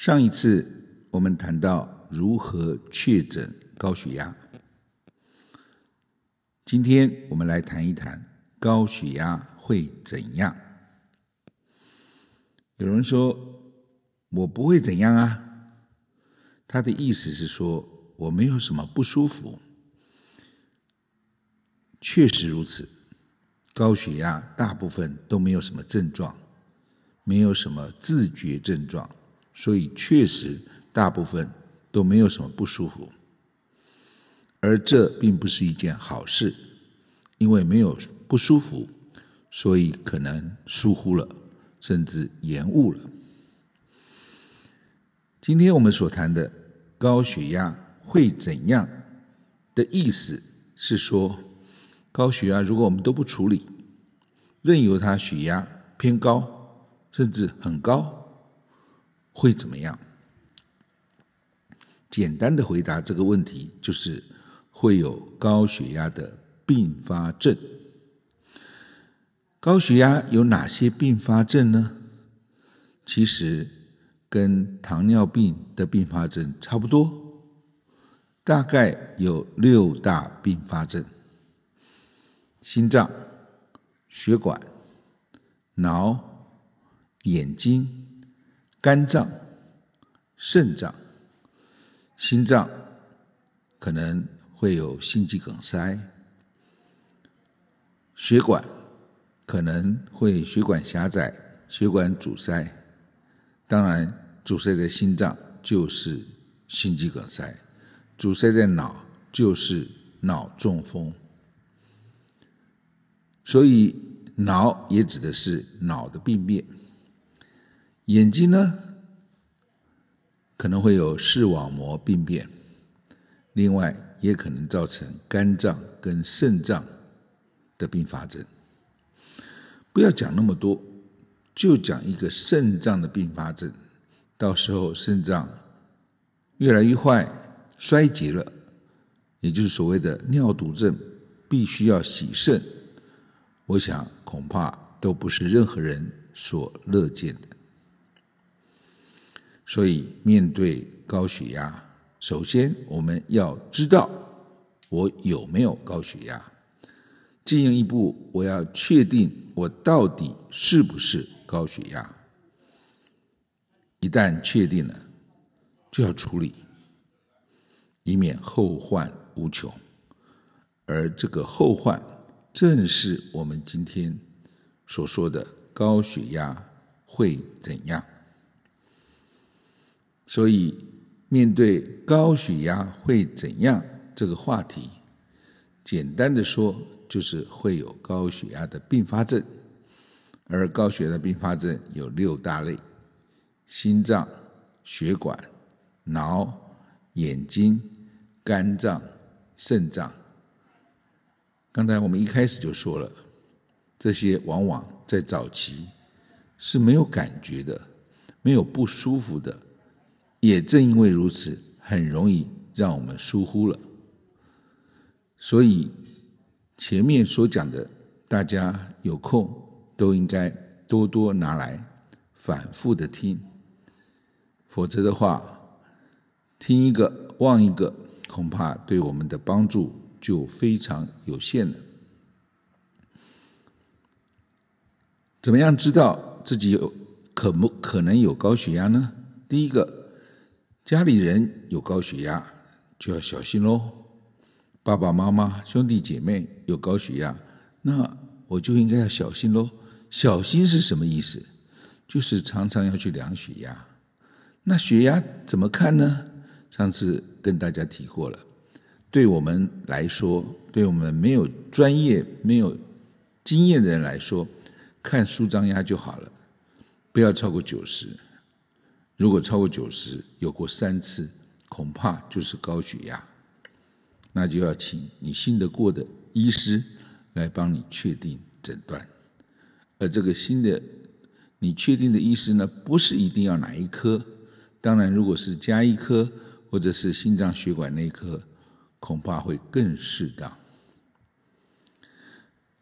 上一次我們談到如何確診高血壓？今天我們來談一談高血壓會怎樣？有人說我不會怎樣啊？他的意思是說我沒有什麼不舒服。確實如此，高血壓大部分都沒有什麼症狀，沒有什麼自覺症狀。所以，確實大部分都沒有什麼不舒服，而這並不是一件好事，因為沒有不舒服，所以可能疏忽了，甚至延誤了。今天我們所談的高血壓會怎樣的意思是說，高血壓如果我們都不處理，任由它血壓偏高，甚至很高。會怎麼樣？簡單的回答這個問題就是會有高血壓的併發症。高血壓有哪些併發症呢？其實跟糖尿病的併發症差不多，大概有六大併發症：心臟、血管、腦、眼睛。肝臟、腎臟、心臟可能會有心肌梗塞，血管可能會血管狹窄、血管阻塞。當然，阻塞在心臟就是心肌梗塞，阻塞在腦就是腦中風。所以，腦也指的是腦的病變。眼睛呢？可能會有視網膜病變，另外也可能造成肝臟跟腎臟的併發症。不要講那麼多，就講一個腎臟的併發症。到時候腎臟越來越壞，衰竭了，也就是所謂的尿毒症，必須要洗腎。我想恐怕都不是任何人所樂見的。所以，面對高血壓，首先我們要知道我有沒有高血壓？進一步，我要確定我到底是不是高血壓？一旦確定了，就要處理，以免後患無窮。而這個後患，正是我們今天所說的高血壓會怎樣。所以，面對高血壓會怎樣這個話題，簡單的說就是會有高血壓的併發症，而高血壓的併發症有六大類：心臟、血管、腦、眼睛、肝臟、腎臟。剛才我們一開始就說了，這些往往在早期是沒有感覺的，沒有不舒服的。也正因為如此，很容易讓我們疏忽了。所以前面所講的，大家有空都應該多多拿來反覆的聽，否則的話，聽一個忘一個，恐怕對我們的幫助就非常有限了。怎麼樣知道自己有可不可能有高血壓呢？第一個。家裡人有高血壓就要小心嘍，爸爸媽媽、兄弟姐妹有高血壓，那我就應該要小心嘍。小心是什麼意思？就是常常要去量血壓。那血壓怎麼看呢？上次跟大家提過了，對我們來說，對我們沒有專業、沒有經驗的人來說，看舒張壓就好了，不要超過九十。如果超過九十，有過三次，恐怕就是高血壓，那就要請你信得過的醫師來幫你確定診斷。而這個新的，你確定的醫師呢，不是一定要哪一科，當然如果是家醫科或者是心臟血管內科，恐怕會更適當。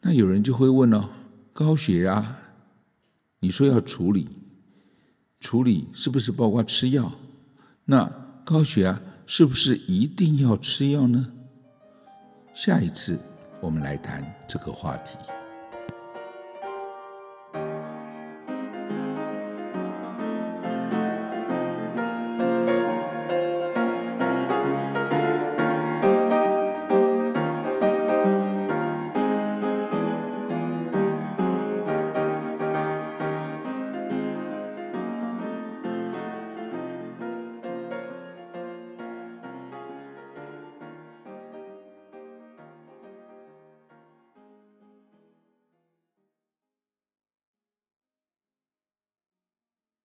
那有人就會問了，哦，高血壓，你說要處理？處理是不是包括吃藥？那高血壓是不是一定要吃藥呢？下一次我們來談這個話題。